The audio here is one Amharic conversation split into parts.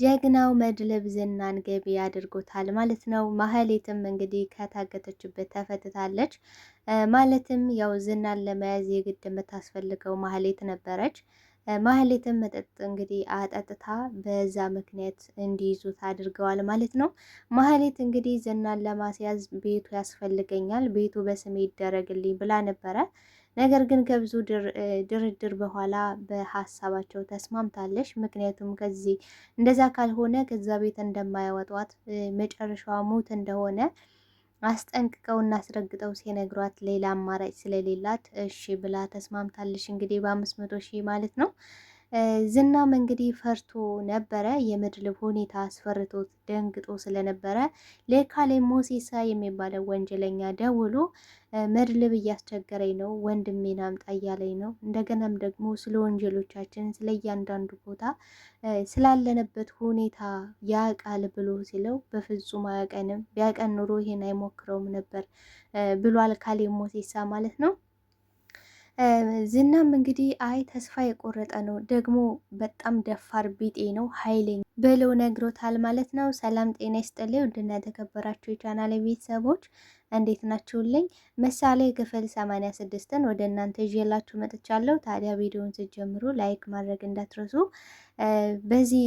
ጀግናው መድብል ዝናን ገቢ አድርጎታል ማለት ነው። ማህሌትም እንግዲህ ከታገተችበት ተፈትታለች። ማለትም ያው ዝናን ለመያዝ የግድ የምታስፈልገው ማህሌት ነበረች። ማህሌትም መጠጥ እንግዲህ አጠጥታ በዛ ምክንያት እንዲይዙት አድርገዋል ማለት ነው። ማህሌት እንግዲህ ዝናን ለማስያዝ ቤቱ ያስፈልገኛል፣ ቤቱ በስሜ ይደረግልኝ ብላ ነበረ ነገር ግን ከብዙ ድርድር በኋላ በሀሳባቸው ተስማምታለች። ምክንያቱም ከዚህ እንደዛ ካልሆነ ከዛ ቤት እንደማያወጧት መጨረሻዋ ሞት እንደሆነ አስጠንቅቀው እና አስረግጠው ሲነግሯት ሌላ አማራጭ ስለሌላት እሺ ብላ ተስማምታለች። እንግዲህ በአምስት መቶ ሺህ ማለት ነው። ዝናም እንግዲህ ፈርቶ ነበረ። የምድር ሁኔታ አስፈርቶት ደንግጦ ስለነበረ ለካሌ ሞሴሳ የሚባለው ወንጀለኛ ደውሎ መድልብ እያስቸገረኝ ነው፣ ወንድሜን አምጣ እያለኝ ነው። እንደገናም ደግሞ ስለ ወንጀሎቻችን፣ ስለ እያንዳንዱ ቦታ ስላለንበት ሁኔታ ያውቃል ብሎ ሲለው በፍጹም አያቀንም፣ ቢያቀን ኑሮ ይሄን አይሞክረውም ነበር ብሏል ካሌ ሞሴሳ ማለት ነው። ዝናም እንግዲህ አይ ተስፋ የቆረጠ ነው፣ ደግሞ በጣም ደፋር ቢጤ ነው፣ ኃይለኛ ብለው ነግሮታል ማለት ነው። ሰላም ጤና ይስጥልኝ ውድና የተከበራችሁ የቻናል ቤተሰቦች እንዴት ናችሁልኝ? ምሳሌ ክፍል 86 ስድስትን ወደ እናንተ ይዤላችሁ መጥቻለሁ። ታዲያ ቪዲዮውን ስትጀምሩ ላይክ ማድረግ እንዳትረሱ በዚህ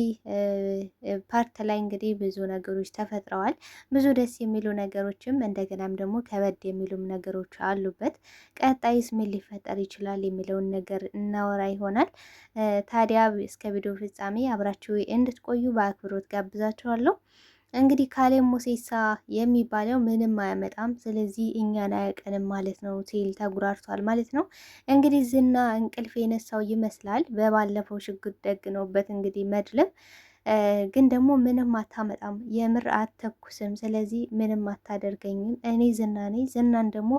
ፓርት ላይ እንግዲህ ብዙ ነገሮች ተፈጥረዋል። ብዙ ደስ የሚሉ ነገሮችም እንደገናም ደግሞ ከበድ የሚሉም ነገሮች አሉበት። ቀጣይስ ምን ሊፈጠር ይችላል የሚለውን ነገር እናወራ ይሆናል። ታዲያ እስከ ቪዲዮ ፍጻሜ አብራችሁ እንድትቆዩ በአክብሮት ጋብዛችኋለሁ። እንግዲህ ካሌብ ሙሴሳ የሚባለው ምንም አያመጣም፣ ስለዚህ እኛን አያውቀንም ማለት ነው ሲል ተጉራርቷል ማለት ነው። እንግዲህ ዝና እንቅልፍ የነሳው ይመስላል በባለፈው ሽጉጥ ደግነውበት እንግዲህ መድልም ግን ደግሞ ምንም አታመጣም፣ የምር አተኩስም፣ ስለዚህ ምንም አታደርገኝም። እኔ ዝና ነኝ፣ ዝናን ደግሞ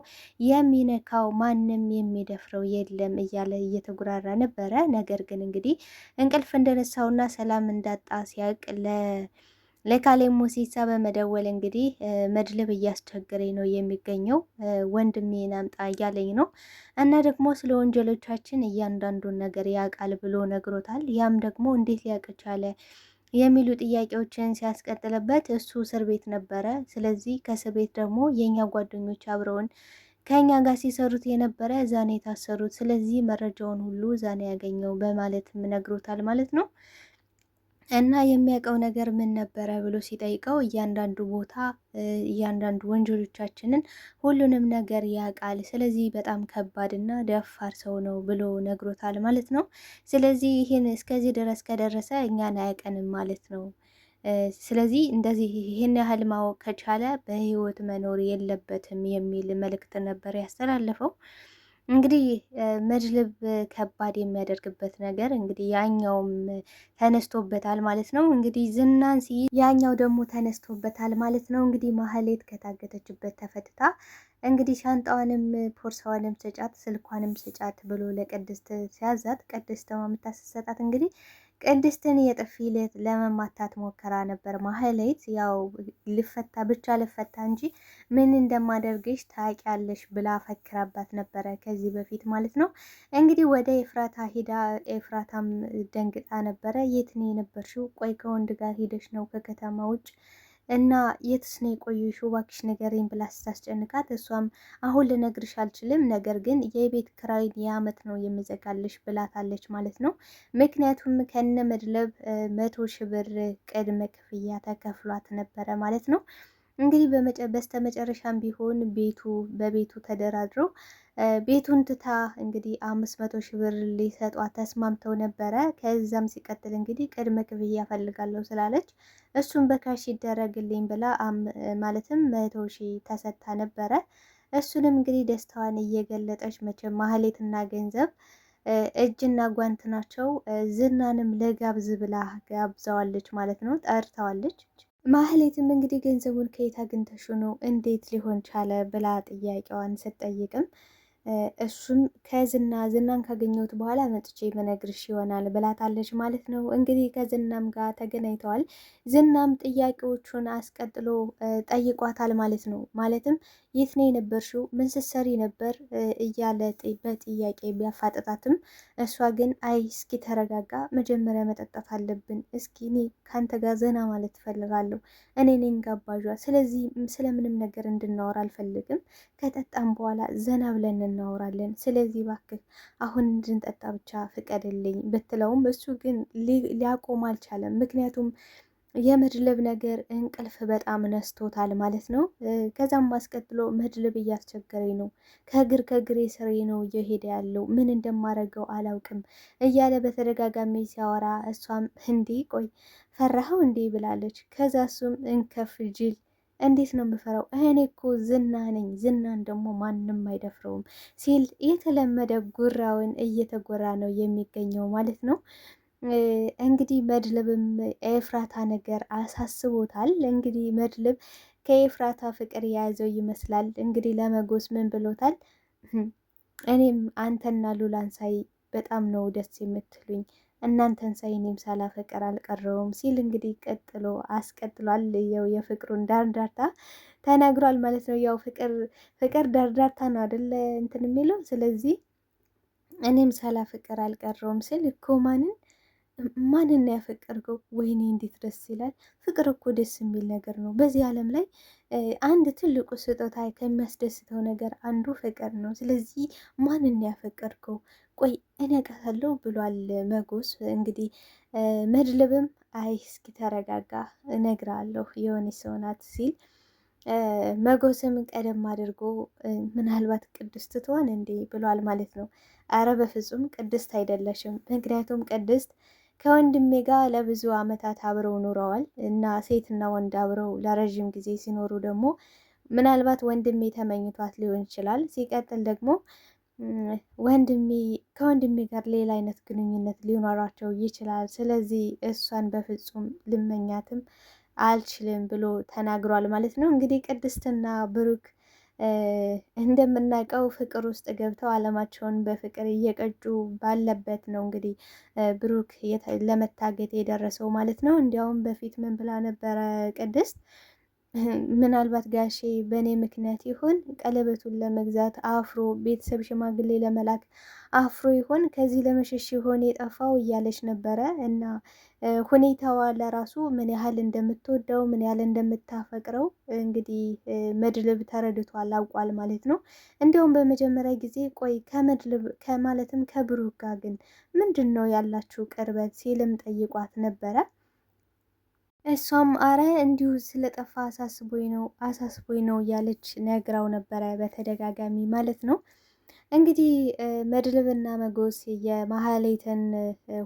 የሚነካው ማንም የሚደፍረው የለም እያለ እየተጉራራ ነበረ። ነገር ግን እንግዲህ እንቅልፍ እንደነሳውና ሰላም እንዳጣ ሲያውቅ ለ ለካሌም ሙሴሳ በመደወል እንግዲህ መድልብ እያስቸገረኝ ነው የሚገኘው ወንድሜን አምጣ እያለኝ ነው እና ደግሞ ስለ ወንጀሎቻችን እያንዳንዱን ነገር ያውቃል ብሎ ነግሮታል። ያም ደግሞ እንዴት ሊያውቅ ቻለ የሚሉ ጥያቄዎችን ሲያስቀጥልበት እሱ እስር ቤት ነበረ። ስለዚህ ከእስር ቤት ደግሞ የእኛ ጓደኞች አብረውን ከእኛ ጋር ሲሰሩት የነበረ ዛኔ የታሰሩት፣ ስለዚህ መረጃውን ሁሉ ዛኔ ያገኘው በማለትም ነግሮታል ማለት ነው። እና የሚያውቀው ነገር ምን ነበረ ብሎ ሲጠይቀው እያንዳንዱ ቦታ እያንዳንዱ ወንጀሎቻችንን ሁሉንም ነገር ያውቃል። ስለዚህ በጣም ከባድ ና ደፋር ሰው ነው ብሎ ነግሮታል ማለት ነው። ስለዚህ ይህን እስከዚህ ድረስ ከደረሰ እኛን አያውቀንም ማለት ነው። ስለዚህ እንደዚህ ይህን ያህል ማወቅ ከቻለ በህይወት መኖር የለበትም የሚል መልእክት ነበር ያስተላለፈው። እንግዲህ መድልብ ከባድ የሚያደርግበት ነገር እንግዲህ ያኛውም ተነስቶበታል ማለት ነው። እንግዲህ ዝናን ሲይዝ ያኛው ደግሞ ተነስቶበታል ማለት ነው። እንግዲህ ማህሌት ከታገተችበት ተፈትታ እንግዲህ ሻንጣዋንም ፖርሳዋንም ስጫት፣ ስልኳንም ስጫት ብሎ ለቅድስት ሲያዛት ቅድስት የምታስሰጣት እንግዲህ ቅድስትን የጥፊ ለመማታት ሞከራ ነበር። ማህሌት ያው ልፈታ ብቻ ልፈታ እንጂ ምን እንደማደርግሽ ታውቂያለሽ ብላ ፈክራባት ነበረ ከዚህ በፊት ማለት ነው። እንግዲህ ወደ ኤፍራታ ሂዳ ኤፍራታም ደንግጣ ነበረ። የት ነው የነበርሽው? ቆይ ከወንድ ጋር ሂደሽ ነው ከከተማ ውጭ እና የትስ ነው የቆየሽው እባክሽ ንገሪኝ ብላ ስታስጨንቃት እሷም አሁን ልነግርሽ አልችልም፣ ነገር ግን የቤት ክራይን የአመት ነው የምዘጋልሽ ብላታለች ማለት ነው። ምክንያቱም ከነ መድለብ መቶ ሺህ ብር ቅድመ ክፍያ ተከፍሏት ነበረ ማለት ነው። እንግዲህ በስተ መጨረሻም ቢሆን ቤቱ በቤቱ ተደራድረው ቤቱን ትታ እንግዲህ አምስት መቶ ሺህ ብር ሊሰጧ ተስማምተው ነበረ። ከዛም ሲቀጥል እንግዲህ ቅድመ ክፍያ ፈልጋለሁ ስላለች እሱን በካሽ ይደረግልኝ ብላ ማለትም መቶ ሺህ ተሰጥታ ነበረ። እሱንም እንግዲህ ደስታዋን እየገለጠች መቼም ማህሌትና ገንዘብ እጅና ጓንት ናቸው። ዝናንም ለጋብዝ ብላ ጋብዛዋለች ማለት ነው፣ ጠርተዋለች። ማህሌትም እንግዲህ ገንዘቡን ከየት አግኝተሹ ነው እንዴት ሊሆን ቻለ ብላ ጥያቄዋን ስትጠይቅም እሱም ከዝና ዝናን ካገኘሁት በኋላ መጥቼ መነግርሽ ይሆናል ብላታለች ማለት ነው። እንግዲህ ከዝናም ጋር ተገናኝተዋል። ዝናም ጥያቄዎቹን አስቀጥሎ ጠይቋታል ማለት ነው። ማለትም የት ነው የነበርሽው? ምን ስትሰሪ ነበር? እያለ በጥያቄ ቢያፋጠጣትም እሷ ግን አይ እስኪ ተረጋጋ፣ መጀመሪያ መጠጣት አለብን። እስኪ እኔ ከአንተ ጋር ዘና ማለት እፈልጋለሁ። እኔ ነኝ ጋባዣ፣ ስለዚህ ስለምንም ነገር እንድናወራ አልፈልግም። ከጠጣም በኋላ ዘና ብለን እናወራለን። ስለዚህ ባክህ አሁን እንድንጠጣ ብቻ ፍቀድልኝ ብትለውም እሱ ግን ሊያቆም አልቻለም። ምክንያቱም የምድልብ ነገር እንቅልፍ በጣም ነስቶታል ማለት ነው። ከዛም አስቀጥሎ ምድልብ እያስቸገረኝ ነው፣ ከእግር ከእግሬ ስሬ ነው እየሄደ ያለው ምን እንደማደርገው አላውቅም እያለ በተደጋጋሚ ሲያወራ እሷም እንዲህ ቆይ ፈራኸው እንዲህ ብላለች። ከዛ እሱም እንከፍ ጅል እንዴት ነው የምፈራው? እኔ እኮ ዝና ነኝ። ዝናን ደግሞ ማንም አይደፍረውም ሲል የተለመደ ጉራውን እየተጎራ ነው የሚገኘው ማለት ነው። እንግዲህ መድልብም ኤፍራታ ነገር አሳስቦታል። እንግዲህ መድልብ ከኤፍራታ ፍቅር የያዘው ይመስላል። እንግዲህ ለመጎስ ምን ብሎታል? እኔም አንተና ሉላን ሳይ በጣም ነው ደስ የምትሉኝ እናንተን ሳይ እኔም ሳላፈቅር አልቀረውም ሲል እንግዲህ ቀጥሎ አስቀጥሏል። ያው የፍቅሩን ዳርዳርታ ተናግሯል ማለት ነው። ያው ፍቅር ፍቅር ዳርዳርታ ነው አደለ እንትን የሚለው ስለዚህ እኔም ሳላ ፍቅር አልቀረውም ስል እኮ ማንን ማንን ያፈቀርከው? ወይኔ እንዴት ደስ ይላል! ፍቅር እኮ ደስ የሚል ነገር ነው። በዚህ ዓለም ላይ አንድ ትልቁ ስጦታ ከሚያስደስተው ነገር አንዱ ፍቅር ነው። ስለዚህ ማንን ያፈቀርከው? ቆይ እኔ ቀሰለው ብሏል መጎስ። እንግዲህ መድልብም አይ እስኪ ተረጋጋ እነግራለሁ የሆነ ሰው ናት ሲል መጎስም ቀደም አድርጎ ምናልባት ቅድስት ትሆን እንዴ ብሏል ማለት ነው። አረ በፍጹም ቅድስት አይደለሽም። ምክንያቱም ቅድስት ከወንድሜ ጋር ለብዙ ዓመታት አብረው ኑረዋል እና ሴትና ወንድ አብረው ለረዥም ጊዜ ሲኖሩ ደግሞ ምናልባት ወንድሜ ተመኝቷት ሊሆን ይችላል። ሲቀጥል ደግሞ ወንድሜ ከወንድሜ ጋር ሌላ አይነት ግንኙነት ሊኖራቸው ይችላል። ስለዚህ እሷን በፍጹም ልመኛትም አልችልም ብሎ ተናግሯል ማለት ነው። እንግዲህ ቅድስትና ብሩክ እንደምናውቀው ፍቅር ውስጥ ገብተው አለማቸውን በፍቅር እየቀጩ ባለበት ነው እንግዲህ ብሩክ ለመታገት የደረሰው ማለት ነው። እንዲያውም በፊት ምን ብላ ነበረ ቅድስት ምናልባት ጋሼ በእኔ ምክንያት ይሆን ቀለበቱን ለመግዛት አፍሮ ቤተሰብ ሽማግሌ ለመላክ አፍሮ ይሆን ከዚህ ለመሸሽ ይሆን የጠፋው እያለች ነበረ እና ሁኔታዋ ለራሱ ምን ያህል እንደምትወደው ምን ያህል እንደምታፈቅረው እንግዲህ መድልብ ተረድቷል፣ አውቋል ማለት ነው። እንዲያውም በመጀመሪያ ጊዜ ቆይ ከመድልብ ከማለትም ከብሩክ ጋር ግን ምንድን ነው ያላችሁ ቅርበት ሲልም ጠይቋት ነበረ። እሷም አረ እንዲሁ ስለጠፋ አሳስቦኝ ነው አሳስቦኝ ነው እያለች ነግራው ነበረ በተደጋጋሚ ማለት ነው። እንግዲህ መድብልና መጎስ የማህሌትን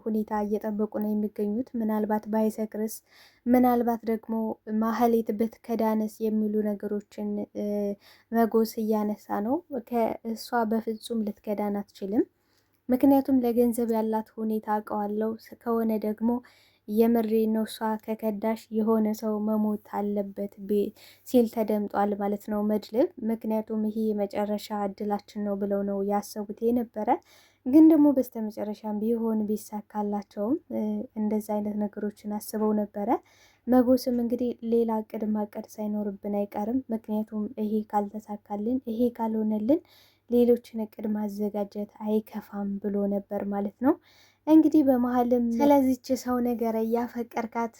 ሁኔታ እየጠበቁ ነው የሚገኙት። ምናልባት ባይሰክርስ፣ ምናልባት ደግሞ ማህሌት ብትከዳንስ የሚሉ ነገሮችን መጎስ እያነሳ ነው። ከእሷ በፍጹም ልትከዳን አትችልም። ምክንያቱም ለገንዘብ ያላት ሁኔታ አውቀዋለሁ ከሆነ ደግሞ የምሬ ነው እሷ ከከዳሽ የሆነ ሰው መሞት አለበት ሲል ተደምጧል ማለት ነው መድብል። ምክንያቱም ይሄ የመጨረሻ እድላችን ነው ብለው ነው ያሰቡት የነበረ ግን ደግሞ በስተ ቢሆን ቢሳካላቸውም እንደዚ አይነት ነገሮችን አስበው ነበረ። መጎስም እንግዲህ ሌላ እቅድ ማቀድ ሳይኖርብን አይቀርም። ምክንያቱም ይሄ ካልተሳካልን፣ ይሄ ካልሆነልን ሌሎችን እቅድ ማዘጋጀት አይከፋም ብሎ ነበር ማለት ነው። እንግዲህ በመሀልም ስለዚች ሰው ነገር እያፈቀርካት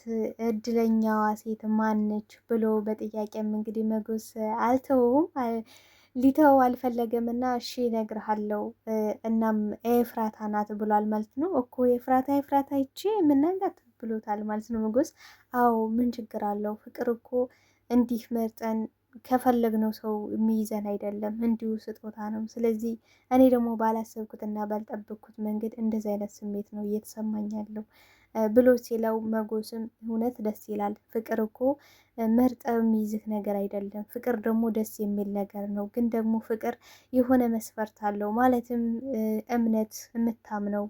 እድለኛዋ ሴት ማነች ብሎ በጥያቄም እንግዲህ መጎስ አልተውም ሊተው አልፈለገም እና እሺ እነግርሃለሁ፣ እናም ኤፍራታ ናት ብሏል ማለት ነው። እኮ ኤፍራታ ኤፍራታ ይቺ የምናንጋት ብሎታል ማለት ነው መጎስ። አዎ ምን ችግር አለው? ፍቅር እኮ እንዲህ መርጠን ከፈለግነው ሰው የሚይዘን አይደለም፣ እንዲሁ ስጦታ ነው። ስለዚህ እኔ ደግሞ ባላሰብኩትና ባልጠበቅኩት መንገድ እንደዚህ አይነት ስሜት ነው እየተሰማኝ ያለው ብሎ ሲለው መጎስም እውነት ደስ ይላል። ፍቅር እኮ መርጠ የሚይዝህ ነገር አይደለም። ፍቅር ደግሞ ደስ የሚል ነገር ነው። ግን ደግሞ ፍቅር የሆነ መስፈርት አለው። ማለትም እምነት የምታምነው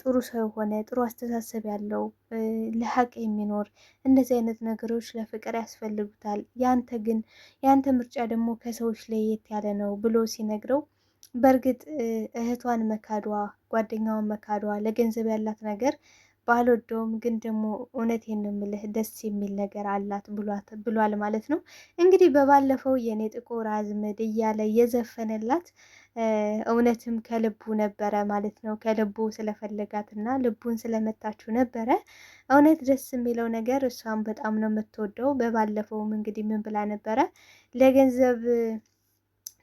ጥሩ ሰው የሆነ ጥሩ አስተሳሰብ ያለው ለሀቅ የሚኖር እንደዚህ አይነት ነገሮች ለፍቅር ያስፈልጉታል። ያንተ ግን ያንተ ምርጫ ደግሞ ከሰዎች ለየት ያለ ነው ብሎ ሲነግረው በእርግጥ እህቷን መካዷ፣ ጓደኛዋን መካዷ ለገንዘብ ያላት ነገር ባልወደውም ግን ደግሞ እውነቴን ነው የምልህ ደስ የሚል ነገር አላት ብሏል ማለት ነው። እንግዲህ በባለፈው የኔ ጥቁር አዝምድ እያለ የዘፈነላት እውነትም ከልቡ ነበረ ማለት ነው። ከልቡ ስለፈለጋት እና ልቡን ስለመታችሁ ነበረ። እውነት ደስ የሚለው ነገር እሷም በጣም ነው የምትወደው። በባለፈውም እንግዲህ ምን ብላ ነበረ ለገንዘብ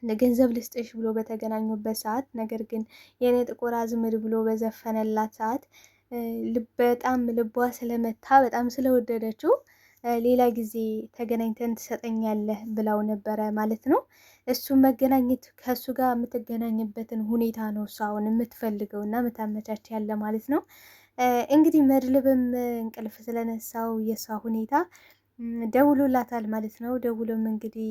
ለገንዘብ ልስጥሽ ብሎ በተገናኙበት ሰዓት ነገር ግን የኔ ጥቁር አዝምድ ብሎ በዘፈነላት ሰዓት በጣም ልቧ ስለመታ በጣም ስለወደደችው ሌላ ጊዜ ተገናኝተን ትሰጠኛለህ ብላው ነበረ ማለት ነው። እሱ መገናኘት ከእሱ ጋር የምትገናኝበትን ሁኔታ ነው እሱ አሁን የምትፈልገው እና የምታመቻች ያለ ማለት ነው። እንግዲህ መድልብም እንቅልፍ ስለነሳው የእሷ ሁኔታ ደውሎላታል ማለት ነው። ደውሎም እንግዲህ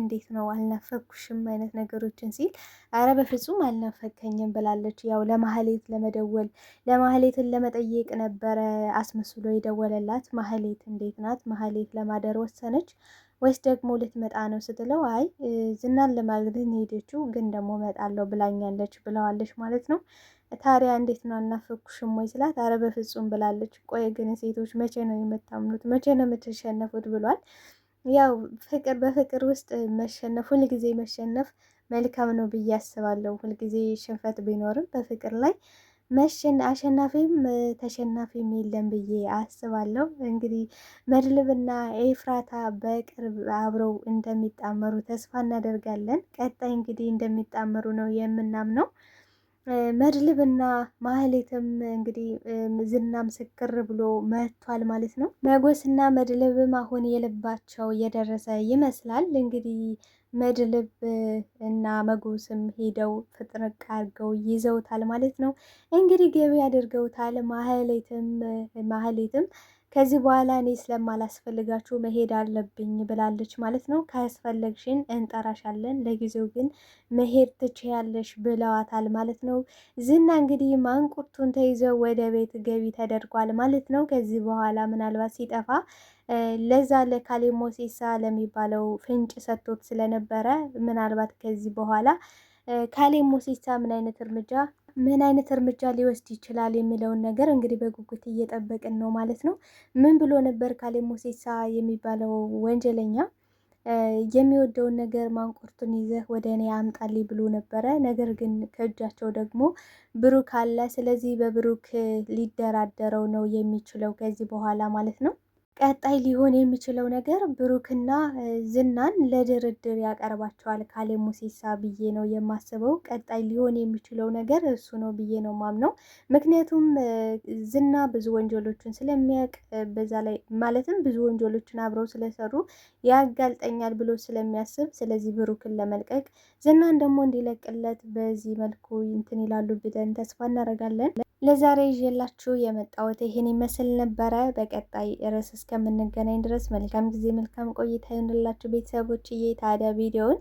እንዴት ነው አልናፈኩሽም አይነት ነገሮችን ሲል አረ በፍጹም አልናፈከኝም ብላለች። ያው ለማህሌት ለመደወል ለማህሌትን ለመጠየቅ ነበረ አስመስሎ የደወለላት። ማህሌት እንዴት ናት? ማህሌት ለማደር ወሰነች። ወይስ ደግሞ ልትመጣ ነው ስትለው አይ ዝናን ለማግኘት ነው ግን ደግሞ መጣለው ብላኛለች ብለዋለች ማለት ነው። ታዲያ እንዴት ነው አልናፈኩሽም ወይ ስላት፣ አረ በፍጹም ብላለች። ቆይ ግን ሴቶች መቼ ነው የምታምኑት? መቼ ነው የምትሸነፉት? ብሏል። ያው ፍቅር በፍቅር ውስጥ መሸነፍ ሁልጊዜ መሸነፍ መልካም ነው ብዬ አስባለሁ። ሁልጊዜ ሽንፈት ቢኖርም በፍቅር ላይ አሸናፊም ተሸናፊም የለም ብዬ አስባለሁ። እንግዲህ መድልብና ኤፍራታ በቅርብ አብረው እንደሚጣመሩ ተስፋ እናደርጋለን። ቀጣይ እንግዲህ እንደሚጣመሩ ነው የምናምነው። መድልብና ማህሌትም እንግዲህ ዝናም ስክር ብሎ መጥቷል ማለት ነው። መጎስና መድልብም አሁን የልባቸው የደረሰ ይመስላል እንግዲህ መድልብ እና መጎስም ሄደው ፍጥርቅ አድርገው ይዘውታል ማለት ነው። እንግዲህ ገቢ አድርገውታል። ማህሌትም ማህሌትም ከዚህ በኋላ እኔ ስለማላስፈልጋችሁ መሄድ አለብኝ ብላለች ማለት ነው። ካስፈለግሽን እንጠራሻለን፣ ለጊዜው ግን መሄድ ትችያለሽ ብለዋታል ማለት ነው። ዝና እንግዲህ ማንቁርቱን ተይዘው ወደ ቤት ገቢ ተደርጓል ማለት ነው። ከዚህ በኋላ ምናልባት ሲጠፋ ለዛ ለካሌ ሞሴሳ ለሚባለው ፍንጭ ሰጥቶት ስለነበረ ምናልባት ከዚህ በኋላ ካሌ ሞሴሳ ምን አይነት እርምጃ ምን አይነት እርምጃ ሊወስድ ይችላል የሚለውን ነገር እንግዲህ በጉጉት እየጠበቅን ነው ማለት ነው። ምን ብሎ ነበር ካሌ ሞሴሳ የሚባለው ወንጀለኛ? የሚወደውን ነገር ማንቁርቱን ይዘህ ወደ እኔ አምጣልኝ ብሎ ነበረ። ነገር ግን ከእጃቸው ደግሞ ብሩክ አለ። ስለዚህ በብሩክ ሊደራደረው ነው የሚችለው ከዚህ በኋላ ማለት ነው። ቀጣይ ሊሆን የሚችለው ነገር ብሩክና ዝናን ለድርድር ያቀርባቸዋል ካሌ ሙሴሳ ብዬ ነው የማስበው። ቀጣይ ሊሆን የሚችለው ነገር እሱ ነው ብዬ ነው ማምነው። ምክንያቱም ዝና ብዙ ወንጀሎችን ስለሚያውቅ በዛ ላይ ማለትም ብዙ ወንጀሎችን አብረው ስለሰሩ ያጋልጠኛል ብሎ ስለሚያስብ፣ ስለዚህ ብሩክን ለመልቀቅ ዝናን ደግሞ እንዲለቅለት በዚህ መልኩ እንትን ይላሉ ብለን ተስፋ እናደርጋለን። ለዛሬ ይዤላችሁ የመጣሁት ይህን ይመስል ነበረ። በቀጣይ ርዕስ እስከምንገናኝ ድረስ መልካም ጊዜ፣ መልካም ቆይታ ይሆንላችሁ ቤተሰቦችዬ። ታዲያ ቪዲዮውን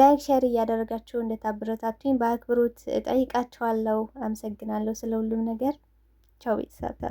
ላይክ፣ ሼር እያደረጋችሁ እንደታበረታቱኝ በአክብሮት እጠይቃችኋለሁ። አመሰግናለሁ ስለ ሁሉም ነገር። ቻው ቤተሰብ።